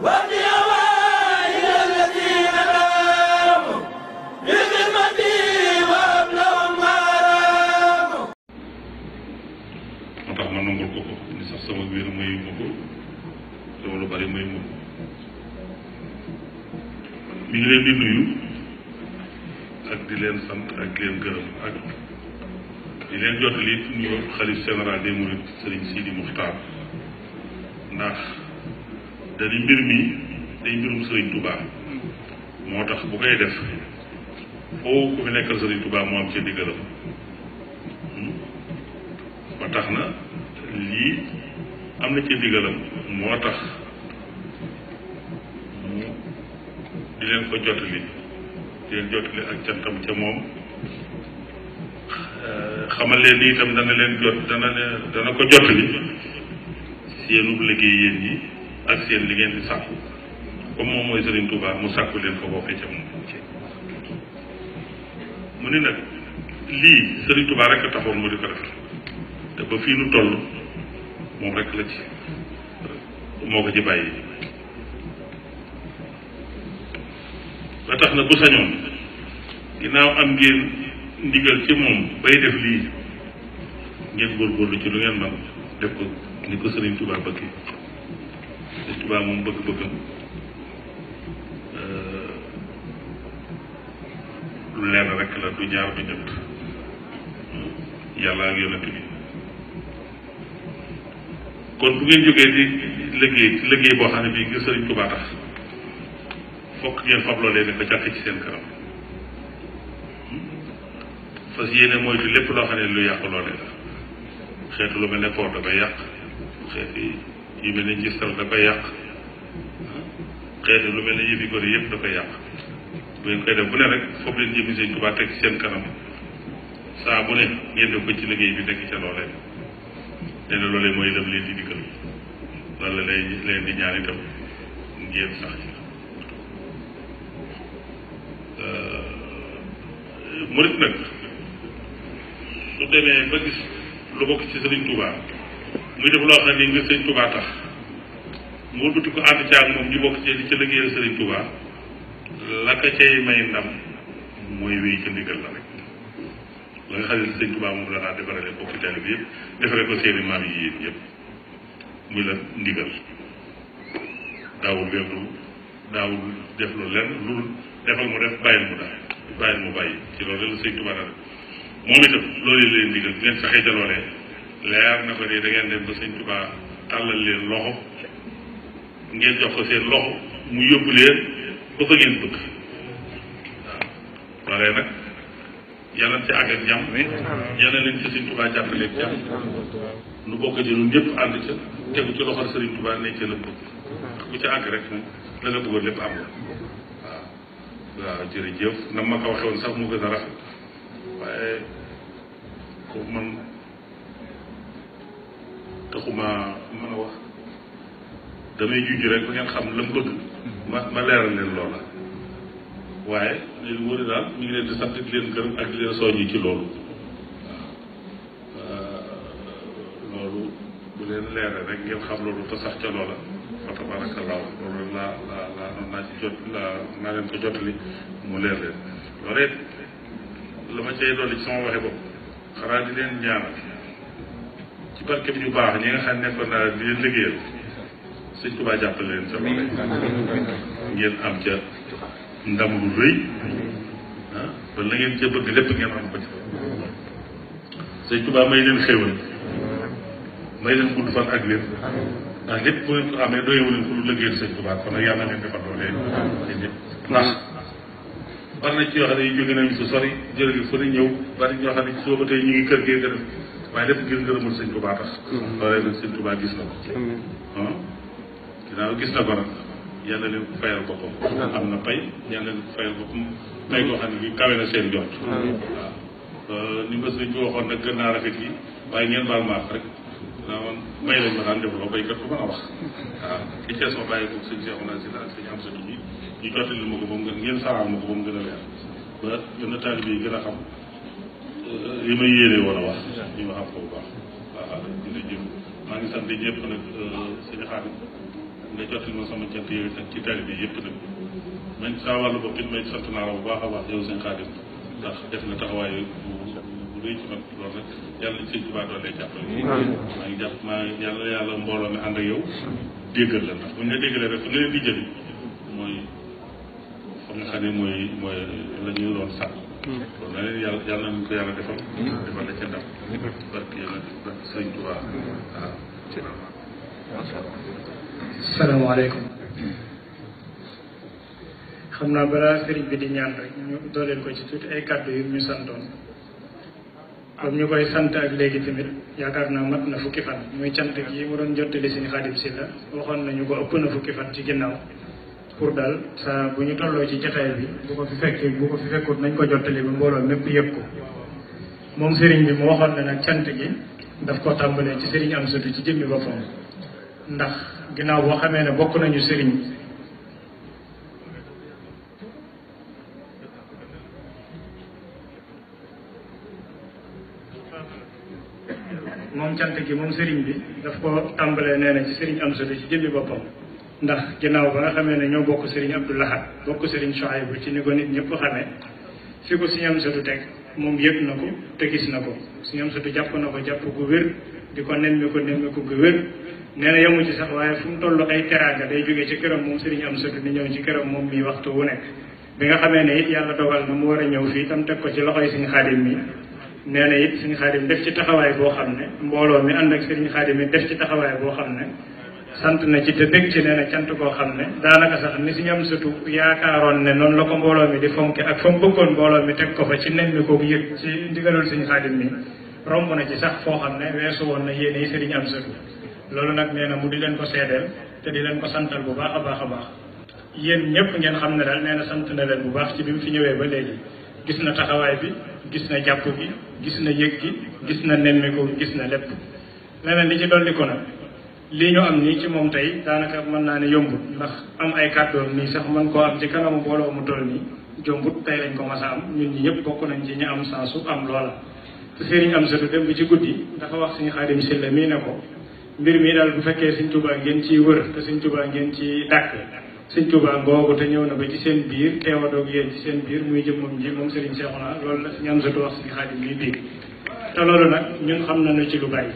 ñu ngi leen di nuyu ak di leen sant ak di leen gërëm ak di leen jot lii nuyoo xalif général des mourides Serigne Sidi Moukhtar ndax dana mbir mi day mbirum Serigne moo tax bu koy def foo ku fi nekkal Serigne Touba moo tax na lii am na ci diggalam tax di leen ko jotali di leen jotali ak cantam ca moom xamal leen ni itam dana leen jot dana leen dana ko jotali seenu liggéey yéen ñi ak seen li ngeen di sàkku comme moom mooy Serigne Touba mu sàkku leen ko bokkee ca mu ni nag lii sëriñ Touba rek a taxoon mu di ko def te ba fii nu toll moom rek la ci moo ko ci bàyyi ba tax na bu sañoon ginnaaw am ngeen ndigal ci moom bay def lii ngeen góorgóorlu ci lu ngeen man def ko ni ko Serigne Touba bëggee Sëñ Tuubaa moom bëgg-bëggam euh, lu leer rek la du ñaar du ñett yàlla ak yonent bi kon bu ngeen jógee di liggéey liggéey boo xam ne bii ngir Sëriñ Tuubaa tax fokk ngeen fab loolee ne ko jàppe ci seen kanam fas yéene moytu lépp loo xam ne lu yàq loolee la xeetu lu mel ne port dafay yàq xeet yu mel ne ngistal da koy yàq xeeti lu mel ne yëfi góor yëpp da koy yàq bu ngeen koy bu ne rek foofu leen jëmi sëñ Tuubaa teg seen kanam saa bu ne ngeen ci liggéey bi nekk ca loolee nee na loolee mooy dem leen di la ba gis lu bokk ci Sëriñ Tuubaa muy def loo xam ne ngir sëñ Touba tax mu wëlbati ko ànd caag moom ñu bokk ci li ca liggéeyal sëriñ la ka cay may ndam mooy wéy ca ndigal la rek la nga sëñ Touba moom danaa defarale bi yëpp defaree ko seeni maam yi yéen yëpp muy la ndigal lu defal mu def bàyyil mu daal bàyyil mu bàyyi ci loolu la sëñ Touba daal moom itam loolu leen ndigal ngeen saxee ca leer na ko de da ngeen dem ba sëñ Tuubaa tàllal leen loxo ngeen jox ko seen loxo mu yóbbu leen ba fa ngeen bëgg waaw loolee nag yàlla ci àgg ak jàmm yàlla leen ci sëñ Tuubaa jàppale ak jàmm nu bokk ci ñun ànd ca tegu ci loxol sëriñ Tuubaa ne la bëgg ku ci àgg rek moom la nga bëggoon lépp am waaw waaw jërëjëf na ma ko waxee sax mu gën a rafet waaye ko man taxuma mën a wax damay juju rek ba ngeen xam la mu ma ma leeral leen loola waaye leen wëri daal ñu ngi leen di sant di leen gërëm ak di leen soññi ci loolu loolu bu leen leeral rek ngeen xam loolu te sax ca loola fa tabarakallah loolu laa laa laa noonu naa ci jot laa naa leen ko jotali mu leer leen loolu it la ma cay dolli ci sama waxe bopp xanaa di leen ñaanal ci yu baax ñi nga xam ne nekkoon naa di leen liggéeyal sëñ Tuubaa jàppale leen sa bopp ngeen am ca ndam lu rëy ah, ba la ngeen ca bëgg lépp ngeen am ko ci sëñ Tuubaa may leen xéwal may leen gudd fan ak wér lépp bu ngeen ko amee doyewu leen ko lu liggéeyal sëñ Tuubaa kon nag yàlla ngeen defal doole ndax bari na ci yoo xam ne yu jóge nañu su sori jërëjëf fa ñëw bari ñoo xam ne ñu ngi kër gee waaye lépp ngir ngërëmul sëñ Tuubaa tax loolee nag sëñ gis na ko ah ginnaaw gis na ko nag yàlla leen ko fayal boppam am na pay yàlla ko fayal boppam na ma sëñ bi naa rafet yi waaye ngeen ma rek naa ma daan defloo baykat bu a wax waaw ko daal ba mu gën ngeen saxaal ma ko ba mu gën a leer ba gën a taalibe yi gën a xam li ma yéene woon a wax ñu ma xam ko bu baax waaw ngi sant euh, nga jottali ma sama cant ci bi yëpp nag man saa wàllu bopp it may sant naa la bu baax a baax yow sëñ Xaadim ndax def na taxawaay bu rëy ci man loolu rek yàlla ñu ngi jàpp maa yàlla yàlla mbooloo mi ànd ak yow déggal la ndax bu ñu déggalee rek fu nga leen di jëli mooy fa nga xam ne mooy mooy la ñuy doon kon na leen yàlla yàlla nañu ko yàlla xam naa balaa sëriñ bi di ñaan rek ñu dooleel ko ci tuuti ay kàddu yu ñu santoon. comme ñu koy sant ak léegi tamit yaakaar naa mat na fukki fan muy cant gi mu doon jottali suñu xaadim si la waxoon nañu ko ëpp na fukki fan ci ginnaaw. pour dal sa bu ñu tolloo ci jataay bi bu ko fi fekkee bu ko fi fekkut nañ ko jottali ba mbooloo mépp yëpp ko moom sëriñ bi mu waxoon ne nag cant gi daf ko tàmbalee ci sëriñ am sëtu ci jëmmi boppam ndax ginnaaw boo xamee ne bokk nañu sëriñ moom cant gi moom sëriñ bi daf ko tàmbalee nee na ci sëriñ am sëtu ci jëmmi boppam ndax ginnaaw ba nga xamee ne ñoo bokk Serigne Abdou Lahad bokk Serigne Souhaïbou ci ni ko nit ñëpp xamee fi ko Serigne Amsatou teg moom yëpp na ko te gis na ko Serigne Amsatou jàpp na ko jàpp gu wér di ko nemmi ko nemmi ko gu wér nee na yemu ci sax waaye fu mu toll ay teraanga day jógee ci këram moom Serigne Amsatou di ñëw ci këram moom mii waxtu wu nekk bi nga xamee ne it yàlla dogal na mu war a ñëw fii tam teg ko ci loxoy Serigne Khadim mi nee na it Serigne Khadim def ci taxawaay boo xam ne mbooloo mi ànd ak Serigne Khadim def ci taxawaay boo xam ne sant na ci te bég ci nee na cant koo xam ne daanaka sax ni si ñam surtout yaakaaroon ne noonu la ko mbooloo mi di fonke ak fa mu bëggoon mbooloo mi teg ko fa ci nen mi kooku yëg ci ndigalul suñu xaadim mi romb na ci sax foo xam ne weesu woon na yéene yi sëriñ am surtout loolu nag nee mu di leen ko seedeel te di leen ko santal bu baax a baax a baax yéen ñëpp ngeen xam ne daal nee na sant na leen bu baax ci bi mu fi ñëwee ba léegi gis na taxawaay bi gis na jàpp bi gis na yëg gi gis na nemmiku gis na lépp nee na li ci dolli lii ñu am nii ci moom tey daanaka mën naa ne yombut ndax am ay kàddoom nii sax man koo am ci kanamu mbooloo mu toll nii jombut tey lañ ko mas a am ñun ñi ñëpp bokk nañ ci ñu am saasu am loola te sëriñ am satu dem ci guddi dafa wax suñu xaadim silla mii ne ko mbir mii daal bu fekkee suñ tubaa ngeen ciy wër te suñ tubaa ngeen ci dàkk suñ tubaa ngoogu te ñëw na ba ci seen biir teewadoog yéen ci seen biir muy jëmmam ji moom sëriñ Seexuna loolu la suñu am satu wax suñu xaadim mii biir te loolu nag ñun xam na nañu ci lu bari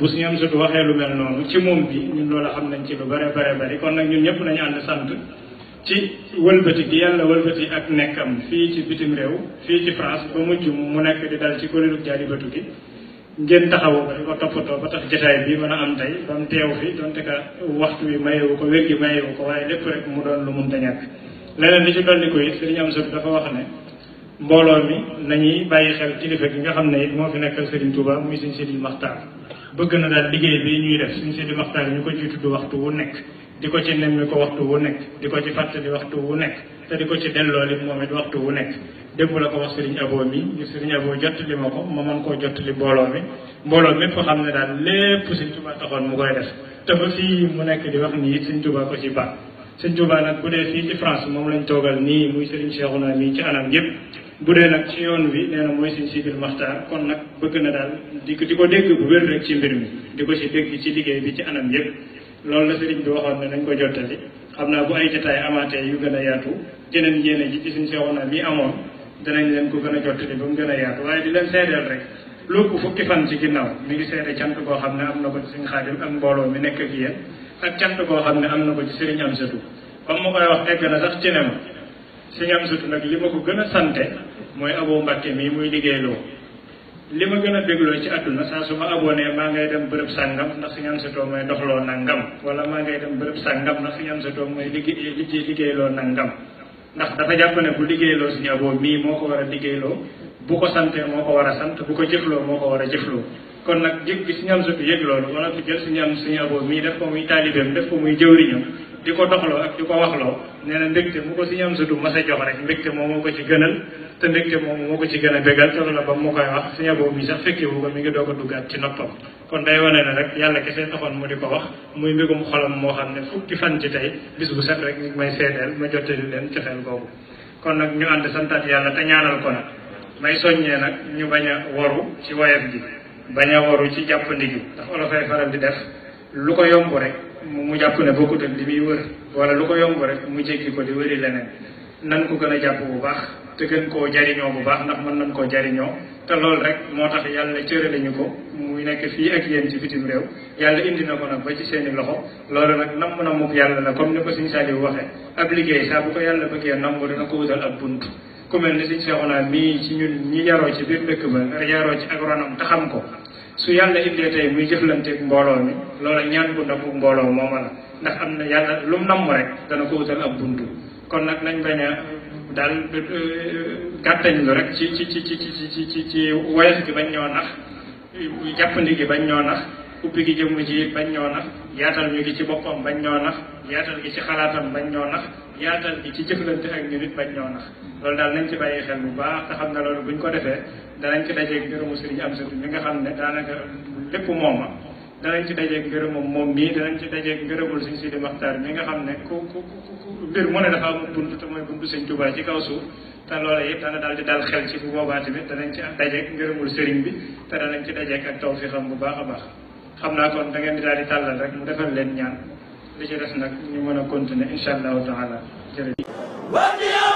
bu si ñoom sutu waxee lu mel noonu ci moom bi ñun loolu xam nañ ci lu bare bare bari kon nag ñun ñëpp nañu ànd sant ci wëlbati gi yàlla wëlbati ak nekkam fii ci bitim réew fii ci France ba mujj mu nekk di dal ci jaari Dialibatoul gi ngeen taxawu ba toppatoo ba tax jotaay bii mën a am tey ba mu teew fi donte ka waxtu wi mayewu ko wér gi mayewu ko waaye lépp rek mu doon lu mun ta ñàkk leneen li ci dolli ko it sëriñ am sut dafa wax ne mbooloo mi nañuy bàyyi xel kilifa gi nga xam ne moo fi nekkal Serigne Touba muy Serigne Sidi Makhtar bëgg na daal liggéey bi ñuy def suñ si di waxtaan ñu ko ciy tudd waxtu wu nekk di ko ci nemmi ko waxtu wu nekk di ko ci fàttali waxtu wu nekk te di ko ci delloo li moom it waxtu wu nekk démb la ko wax sëriñ aboo mi ñu sëriñ aboo jot li ma ko moom mën koo jot li mbooloo mi mbooloo mépp ko xam ne daal lépp sëñ Tuubaa taxoon mu koy def te ba fii mu nekk di wax nii it sëñ Tuubaa ko ci baax sëñ Tuubaa nag bu dee fii ci France moom lañ toogal nii muy sëriñ Cheikhouna mii ci anam yëpp bu dee nag ci yoon wi nee na mooy sëñ Sidil Maxtaar kon nag bëgg na daal di ko di ko dégg bu wér rek ci mbir mi di ko ci dégg ci liggéey bi ci anam yëpp loolu la sëriñ bi waxoon ne nañ ko jottali xam naa bu ay détail amaatee a yaatu jeneen yéene ji ci suñ seexoonaa mi amoon danañ leen ko gën a jottali ba mu gën a yaatu waaye di leen seedeel rek lu ko fukki fan ci ginnaaw mi ngi seede cant koo xam ne am na ko ci sëñ Xaadim ak mbooloo mi nekk ak yéen ak cant xam ne am na ko ci sëriñ Amsatu ba mu koy wax egg na sax ci ne ma sëriñ Amsatu nag li ma ko gën a sante moy abo mbatte mi muy liggéeyloo li ma gën a bégloo ci àdduna saa su ma abonné ma ngay dem bërepp sangam ndax suñu am sa to moy doxlo nangam wala ma ngay dem bërepp sangam ndax suñu am sa moy mooy liggéey liggéey liggéeyloo nangam ndax dafa japp ne bu liggéeyloo suñu aboo mi moko wara war a bu ko santé moko wara sant bu ko jëflo moko wara jëflo kon nak jëg bi suñu am sa yëg lool wala fi jël suñu am suñu aboo mi def ko muy talibem def ko muy jëwriñam di ko ak diko waxlo neena nee na mu ko suñu ñam sa du ma sa jox rek mbégte mo moko ci gënal te mbégte moom moo ko ci gën a bégal te loola ba mu koy wax suñu boobu mi sax fekkee wu ko mi ngi doog a duggaat ci noppam kon day wane ne rek yàlla kese taxoon mu di ko wax muy mbégum xolam moo xam ne fukki fan ci tey bis bu set rek ngi may seedeel ma jottali leen cofeel googu kon nag ñu ànd santaat yàlla te ñaanal ko nag may soññee nag ñu bañ a waru ci wayam ji bañ a waru ci jàppandi gi ndax faral di def lu ko yomb rek mu jàpp ne bokkut ak li muy wër wala lu ko yomb rek mu jéggi ko di wëri leneen nan ko gën a jàpp bu baax te gën koo jariñoo bu baax ndax mën nañ koo jariñoo te loolu rek moo tax yàlla cërale ñu ko muy nekk fii ak yéen ci bitim réew yàlla indi na ko nag ba ci seen i loxo loolu nag namm na muk yàlla la comme ni ko Sëñ Saliou waxee ab liggéey saa bu ko yàlla bëggee namb dina ko wutal ab bunt ku mel ni Sëñ Cheikhouna mii ci ñun ñi yaroo ci biir dëkk ba yaroo ci agronome te xam ko su yàlla indee tey muy jëflanteeg mbooloo mi loola ñaan bu ndamu mbooloo mooma la ndax am na yàlla lu mu namm rek dana ko wutal ab bunt kon nag nañ bañ a daal gàttañ lu rek ci ci ci ci ci ci ci woyof gi bañ ñoo nax jàppandi gi bañ ñoo nax ubbi gi jëmm ji bañ ñoo nax yaatal ñu gi ci boppam bañ ñoo nax yaatal gi ci xalaatam bañ ñoo nax yaatal gi ci jëflante ak ñu nit bañ ñoo nax loolu daal nañ ci bàyyi xel bu baax te xam ne loolu buñ ko defee danañ ko dajeeg mbirumu sëriñ am sëriñ mi nga xam ne daanaka lépp mooma danañ ci dajeeg ngërëmam moom mii danañ ci dajeeg ngërëmul suñ Sidi Maxtaar mi nga xam ne ku ku ku mbir mu ne dafa amul bunt te mooy buntu sëñ Tuubaa ci kaw suuf te loola yëpp dana daal di dal xel ci bu boobaa tamit danañ ci ak dajeeg sëriñ bi te danañ ci dajeeg ak taw fi xam bu baax a baax xam naa koon dangeen ngeen di daal di tàllal rek mu defal leen ñaan li ci des nag ñu mën a continuer incha allahu taala jërëjëf